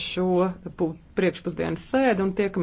šo priekšpusdienas sēdi un tiekamies